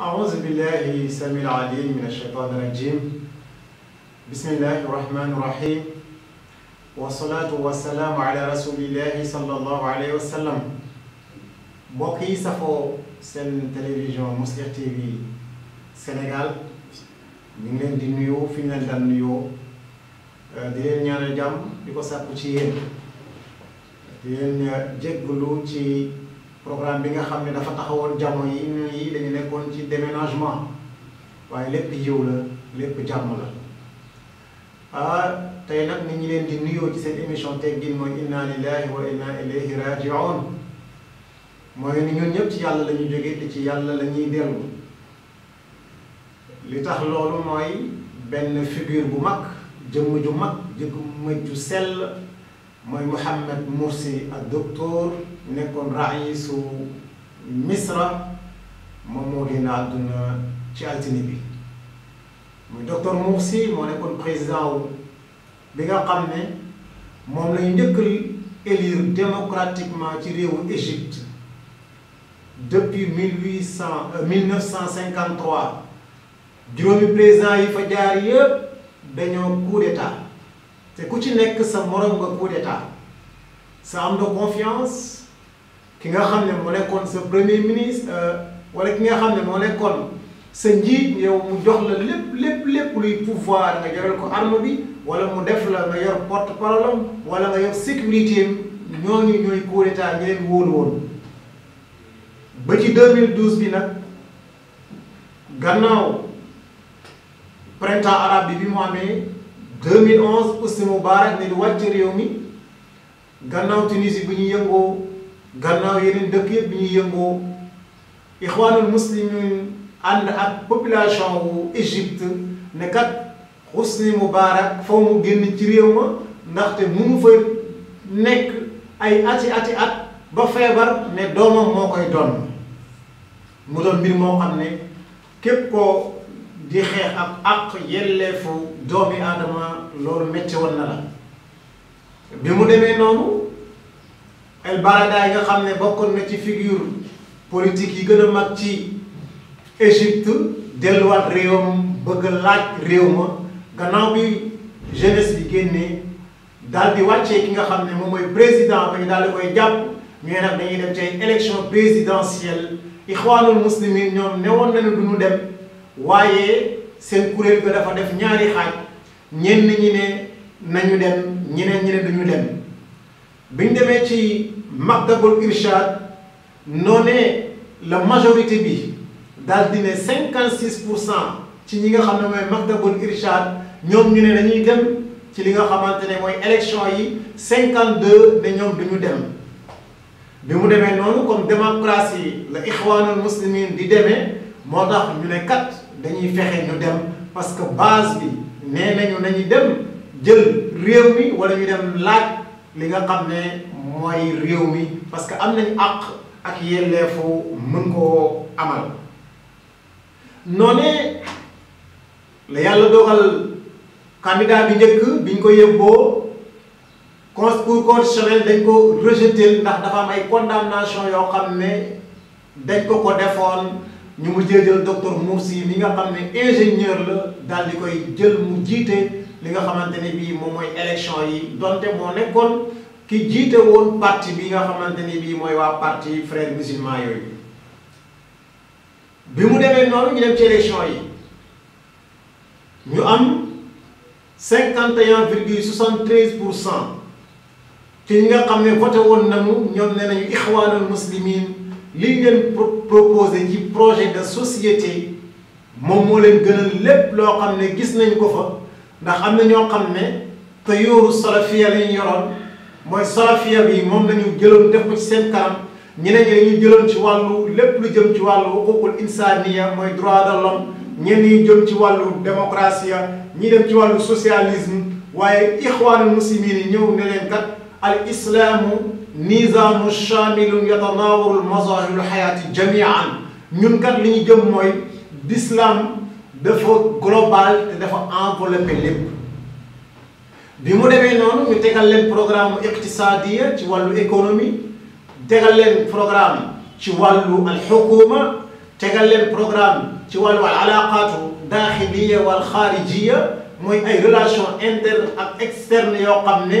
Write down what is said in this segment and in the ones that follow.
a بالله السميع العليم من الشيطان الرجيم بسم الله الرحمن الرحيم والصلاة والسلام على رسول الله صلى الله عليه وسلم mbokk yi safoo seen télévision Mouslih TV Sénégal ñu di nuyu fi ñu leen daan nuyoo euh, di leen ñaanal jàmm ci yéen di leen euh, jéggalu ci programme bi nga xam ne dafa taxawoon jamono yi ñun yi nekkoon ci déménagement waaye lépp yiw la lépp jàmm la ah tey nag ni ñu leen di nuyoo ci seen émission teggin mooy inna lillahi wa inna ilayhi raji'un mooy ni ñun ñëpp ci yàlla la ñu jógee ci yàlla la ñuy dellu li tax loolu mooy benn figure bu mag jëmm ju mag jëmm ju sell mooy Mouhamed Moursi ak docteur nekkoon raisu misra moom moo génn àdduna ci altine bi muy docteur Mursi moo nekkoon président wu bi nga xam ne moom lañu njëkk élire démocratiquement ci réewu Égypte depuis mille huit cent euh, mille neuf cent cinquante trois juróomi président yi fa jaar yépp dañoo coup d'état te ku ci nekk sa morom nga coup d'état sa am de confiance ki nga xam ne moo nekkoon sa premier ministre euh, wala ki nga xam ne moo nekkoon sa njiit yow mu jox la lépp lépp lépp luy pouvoir nga yoral ko arme bi wala mu def la nga yor porte parole wala nga yor sécurité ñoo ñooñu ñooy coup d'état ñi leen wóolu woon ba ci 2012 bi nag gannaaw printemps arabe bi bi mu amee 2011 Hosni Moubarak ne di wàcc yow mi gannaaw Tunisie bu ñu yëngoo gannaaw yeneen dëkk yëpp bi ñuy yëngoo ixwaanul muslimin ànd ak population wu Égypte ne kat Hosni Moubarak faw mu génn ci réew ma ndaxte mu fa nekk ay ati ati at ba feebar ne doomam moo koy doon mu doon mbir moo xam ne képp koo di xeex ak àq yelleefu doomi aadama loolu metti woon na la bi mu demee noonu El Baradei nga xam ne bokkoon na ci figure politique yi gën a mag ci Égypte delluwaat réewam bëgg laaj réew ma gannaaw bi jeunesse bi génnee daal di wàccee ki nga xam ne moom mooy président ba ñu daal di koy jàpp ñu ne nag dañuy dem ci ay élection présidentielle ixwaanul muslimin ñoom newoon nañu du ñu dem waaye seen kuréel ga dafa def ñaari xaaj ñenn ñi ne nañu dem ñeneen ñi duñu dem biñ demee ci Maktabul Irshad noonee la majorité bi daal di ne 56 pour cent ci ñi nga xam ne mooy Maktabul Irshad ñoom ñu ne nañuy dem ci li nga xamante ne mooy élection yi 52 ne ñoom duñu dem bi mu demee noonu comme démocratie la Ixwaanul Muslimin di demee moo tax ñu ne kat dañuy fexe ñu dem parce que base bi nee nañu nañu dem jël réew mi wala ñu dem laaj li nga xam ne. mooy réew mi parce que am nañu àq ak yelleefu mën koo amal noonee la yàlla dogal candidat bi njëkk biñ ko yëbboo Cour constitutionnelle dañ ko rejeté ndax dafa am ay condamnation yoo xam ne dañ ko ko defoon ñu mu jël docteur Mursi mi nga xam ne ingénieur la daal di koy jël mu jiite li nga xamante ne bii moom mooy élection yi donte moo nekkoon ki jiite woon parti bi nga xamante ni bii mooy waa parti frère musulman yooyu bi mu demee noonu ñu dem ci élection yi ñu am cinquante et un virgule soixante treize pour cent te ñi nga xam ne voté woon nañu ñoom nee nañu ixwaanul muslimin li ngeen proposé ci projet de société moom moo leen gënal lépp loo xam ne gis nañ ko fa ndax am na ñoo xam ne te yóoru salafiya lañ yoroon mooy salafiya bi moom lañu jël def ko ci seen kanam ñeneen ñi dañuy jëloon ci wàllu lépp lu jëm ci wàllu xuququl insaniya mooy droit de l'homme ñenn ñi jëm ci wàllu démocratie ñi dem ci wàllu socialisme waaye ixwaanul muslimin yi ñëw ne leen kat al islaamu nizaamu shaamilun yatanaawalu mazaahirul xayaati jamian ñun kat li ñu jëm mooy l'islam dafa global te dafa enveloppé lépp bi mu demee noonu ñu tegal leen programme iqtisadiya ci wàllu économie tegal leen programme ci wàllu alxukuma tegal leen programme ci wàllu alaqaatu daaxiliya wal xaarijiya mooy ay relation interne ak externe yoo xam ne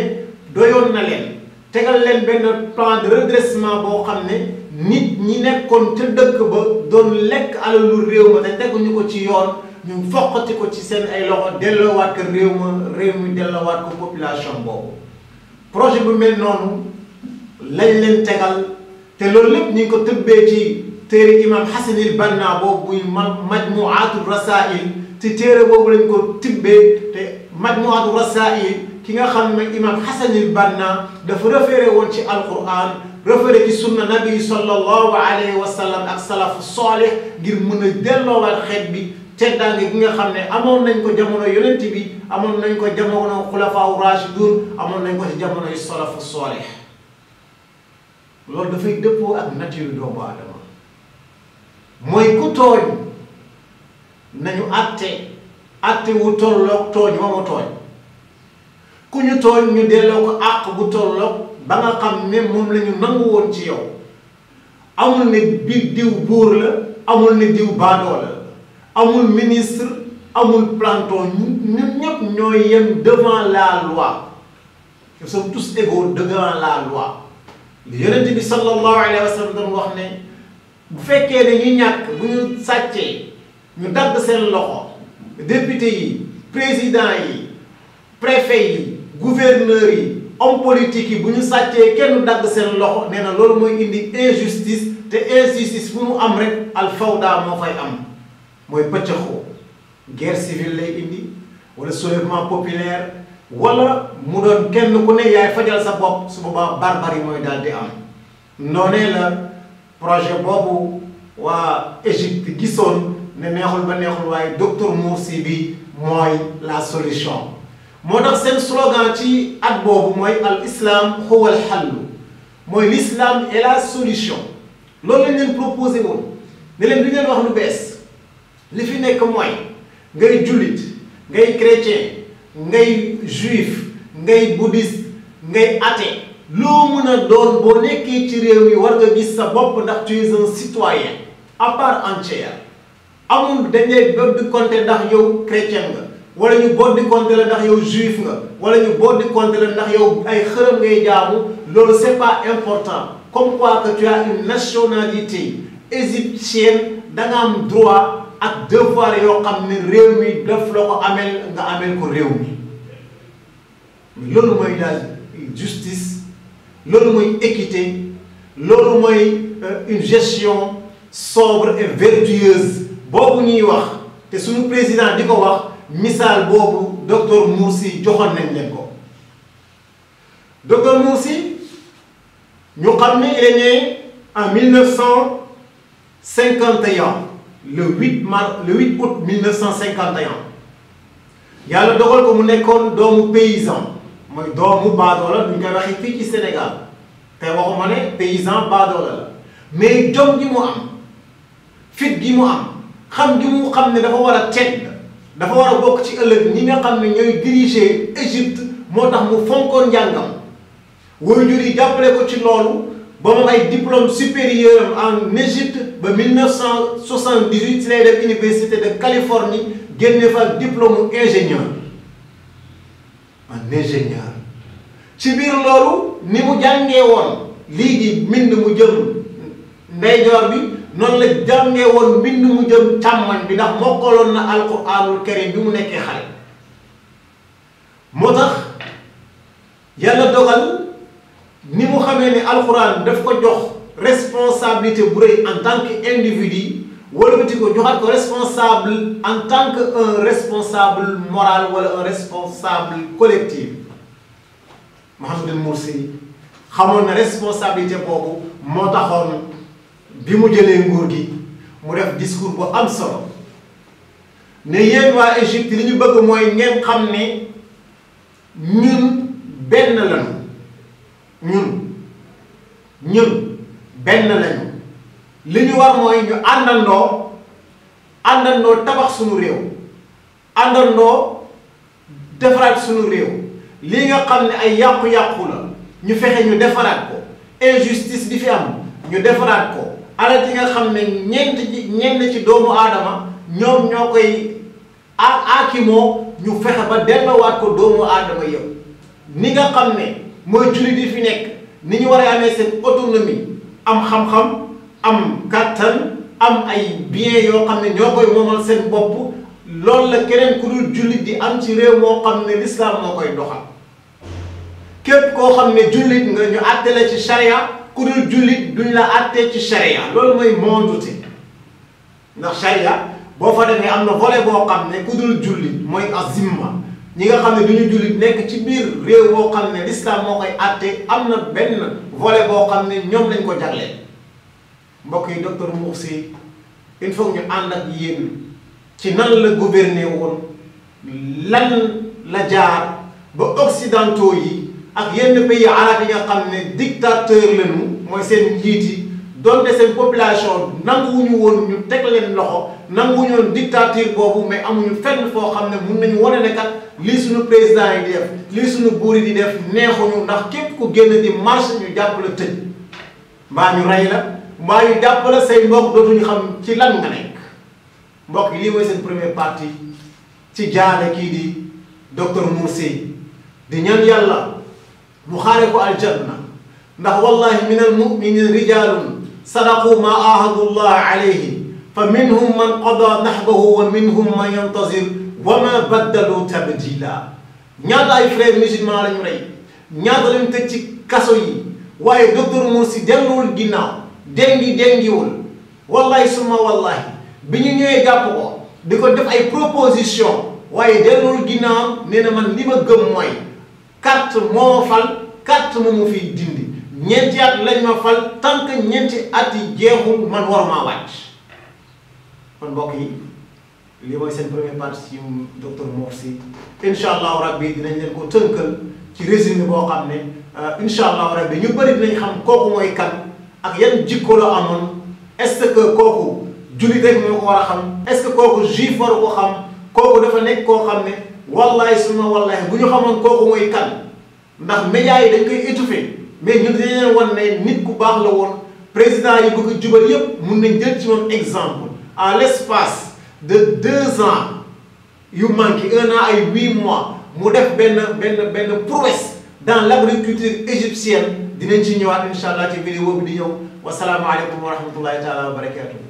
doyoon na leen tegal leen benn plan de redressement boo xam ne nit ñi nekkoon ca dëkk ba doon lekk alalu réew ma te teguñu ko ci yoon ñu foqati ko ci seen ay loxo delloowaat ko réew ma réew mi delloowaat ko population boobu projet bu mel noonu lañ leen tegal te loolu lépp ñu ngi ko tëbbee ci téere imam Hasanil Banna boobu muy majmuatul rasail te téere boobu lañ ko tibbee te majmuatul rasail ki nga xam ne imam Hasanil Banna dafa référé woon ci alquran référé ci sunna nabi sallallahu alayhi wa ak salafu saalih ngir mën a delloowaat xeet bi teddaange gi nga xam ne amoon nañ ko jamono yonent bi amoon nañ ko jamono xulafaawu raashidun amoon nañ ko ci jamono yu salafu loolu dafay dëppoo ak nature doomu aadama mooy ku tooñ nañu àtte àtte wu tolloog tooñ wa mu tooñ ku ñu tooñ ñu delloo ko àq bu tolloog ba nga xam ne moom la nangu woon ci yow amul ne bi diw buur la amul ne diw baadoo la amul ministre amul planton ñun ñëpp ñoo yem devant la loi nous sommes tous égaux devant la loi li yonent bi sallallahu alayhi wa sallam wax ne bu fekkee ne ñu ñàkk bu ñu sàccee ñu dagg seen loxo député yi président yi préfet yi gouverneur yi homme politique yi bu ñu sàccee kenn dagg seen loxo nee na loolu mooy indi injustice te injustice fu mu am rek al fawda moo koy am mooy pëccëxoo guerre civile lay indi wala soulèvement populaire walla mu doon kenn ku ne yaay fajal sa bopp su boobaa barbarie mooy daal di am noonee la projet boobu waa Égypte gisoon ne neexul ba neexul waaye docteur Morsi bi mooy la solution moo tax seen slogan ci at boobu mooy al islam huwa al hal mooy l'islam est la solution loolu lañ leen proposé woon ne wax lu bees li fi nekk mooy ngay jullit ngay chrétien ngay juif ngay bouddhiste ngay athée loo mën a doon boo nekkee ci réew mi war nga gis sa bopp ndax tu es un citoyen à part entière amul dañ lay boddi compter ndax yow chrétien nga wala ñu boddi compter la ndax yow juif nga wala ñu boddi compter la ndax yow ay xërëm ngay jaamu loolu c'est pas important comme quoi que tu as une nationalité égyptienne da am droit ak devoir yoo xam ne réew mi daf la ko ameel nga ameel ko réew mi loolu mooy daal justice loolu mooy équité loolu mooy euh, une gestion sobre et vertueuse boobu ñuy wax te suñu président di ko wax misaal boobu docteur Mursi joxoon nañ ko docteur Mursi ñu xam ne il est né en 1951 le 8 mars le 8 août 1951 yàlla dogal ko mu nekkoon doomu paysan mooy doomu baadoola duñ koy waxee fii ci Sénégal te waxuma ne paysan baadoola la mais jom gi mu am fit gi mu am xam ji mu xam ne dafa war a tedd dafa war a bokk ci ëllëg ñi nga xam ne ñooy diriger Égypte moo tax mu fonkoon njàngam waajur yi jàppale ko ci loolu. ba mu ay diplôme supérieur en Égypte ba 1978 ci lay def université de Californie génne fa diplôme ingénieur en ingénieur ci biir loolu ni mu jàngee woon lii gi mbind mu jëm ndeyjoor bi noonu la jàngee woon mbind mu jëm càmmoñ bi ndax mokkaloon na alxuraanul karim bi mu nekkee xale moo tax yàlla dogal ni mu xamee ne alxuraan daf ko jox responsabilité bu rëy en tant que individu wëlbati ko joxat ko responsable en tant que un responsable moral wala un responsable collectif Mouhamadul Moursi xamoon na responsabilité boobu moo taxoon bi mu jëlee nguur gi mu def discours bu am solo ne yéen waa Égypte li ñu bëgg mooy ngeen xam ne ñun benn lañu ñun ñun benn lañu li ñu war mooy ñu àndandoo àndandoo tabax suñu réew àndandoo defaraat suñu réew lii nga xam ne ay yàqu-yàqu la ñu fexe ñu defaraat ko injustice bi fi am ñu defaraat ko alal yi nga xam ne ñeent ci ci doomu aadama ñoom ñoo koy a aakimoo ñu fexe ba delloowaat ko doomu aadama yëpp ni nga xam ne mooy jullit yi fi nekk ni ñu war a amee seen autonomie am xam-xam am kàttan am ay biens yoo xam ne ñoo koy moomal seen bopp loolu la keneen ku dul jullit di am ci réew moo xam ne lislaam moo koy doxal képp koo xam ne jullit nga ñu àtte la ci charia ku dul jullit duñ la àtte ci charia loolu mooy mondute ndax charia boo fa demee am na volet boo xam ne ku dul jullit mooy azimma ñi nga xam ne du ñu jullit nekk ci biir réew moo xam ne l'islam moo koy àtte am na benn volet boo xam ne ñoom lañ ko jagleel mbokk yi docteur Moussy il faut ñu ànd ak yéen ci nan la gouverner woon lan la jaar ba occidentaux yi ak yenn pays arabes yi nga xam ne dictateur lañu mooy seen njiit donte seen population nanguwuñu woon ñu teg leen loxo nanguwuñu woon dictature boobu mais amuñu fenn foo xam ne mun nañu wane ne kat lii suñu président yi di def lii suñu buur yi di def neexuñu ndax képp ku génn di marche ñu jàpp la tëj mbaa ñu rey la mbaa ñu jàpp la say mbokk xam ci lan nga nekk mbokk lii mooy seen première partie ci jaale kii di docteur Moussé yàlla mu xaare ko aljanna ndax wallahi minal mu'minin rijaalun sadaqu ma ahadullah alayhi fa minhum man qada nahbahu wa minhum man yantazir wa ma baddalu tabdila ñaata ay frères musulmans lañu rey ñaata lañu tëj ci kaso yi waaye docteur Morsi delluwul ginnaaw dengi dengiwul wallahi summa wallahi bi ñu ñëwee jàpp ko di def ay proposition waaye delluwul ginnaaw nee na man li ma gëm mooy carte moo fal dindi ñeenti at lañ ma fal tant que ñeenti at yi jeexul man waruma wàcc kon mbokk yi lii mooy seen première partie yu docteur Mor Sy incha allahu dinañ leen ko tënkal ci résumé boo xam ne euh, incha rab rabbi ñu bëri dinañ xam kooku mooy kan ak yan jikko la amoon est-ce que kooku jullit rek moo ko war a xam est-ce que kooku juif war ko xam kooku dafa nekk koo xam ne wallahi suma wallahi bu ñu xamoon kooku mooy kan ndax médias yi dañ koy mais ñun dañu leen nit ku baax la woon président yi bëgg a jubal yépp mun nañ jël ci moom exemple à l'espace de deux ans yu manqué un an ay huit mois mu def benn benn benn prouesse dans l'agriculture égyptienne dinañ ci ñëwaat incha allah ci vidéo bi wa ñëw wasalaamualeykum wa rahmatullahi taala wa barakatuh